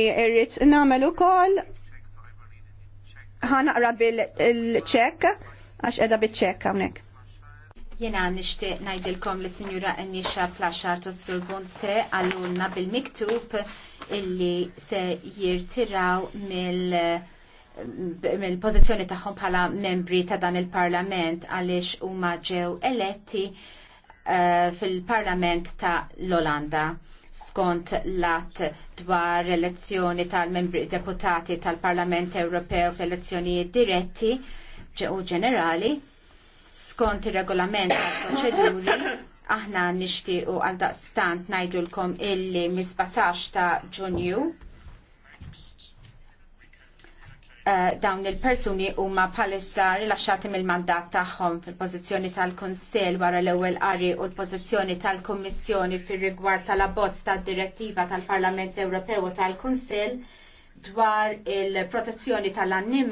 irrit namel ukoll ħanaqra bil-ċek għax edha bil-ċek hawnhekk. Jena nishtiq najdilkom li sinjura Anisha Plashar tas-Sur Bonte għallulna bil-miktub illi se jirtiraw mill- mill-pozizjoni tagħhom bħala membri ta' dan il-Parlament għaliex huma ġew eletti uh, fil-Parlament ta' l-Olanda skont l-att dwar elezzjoni tal-membri deputati tal-Parlament Ewropew f'elezzjonijiet diretti u ġenerali skont ir-regolament tal-proċeduri aħna nixtiequ għal daqstant ngħidulkom illi mis-17 ta' Ġunju Eh, dawn il-persuni huma bħalissa rilaxxati mill-mandat tagħhom fil-pożizzjoni tal-Kunsill wara l-ewwel qari u l-pożizzjoni tal-Kummissjoni fir-rigward tal-abbozz tad-direttiva tal-Parlament Ewropew u tal-Kunsill dwar il-protezzjoni tal-annima